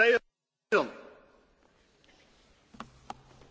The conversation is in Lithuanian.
they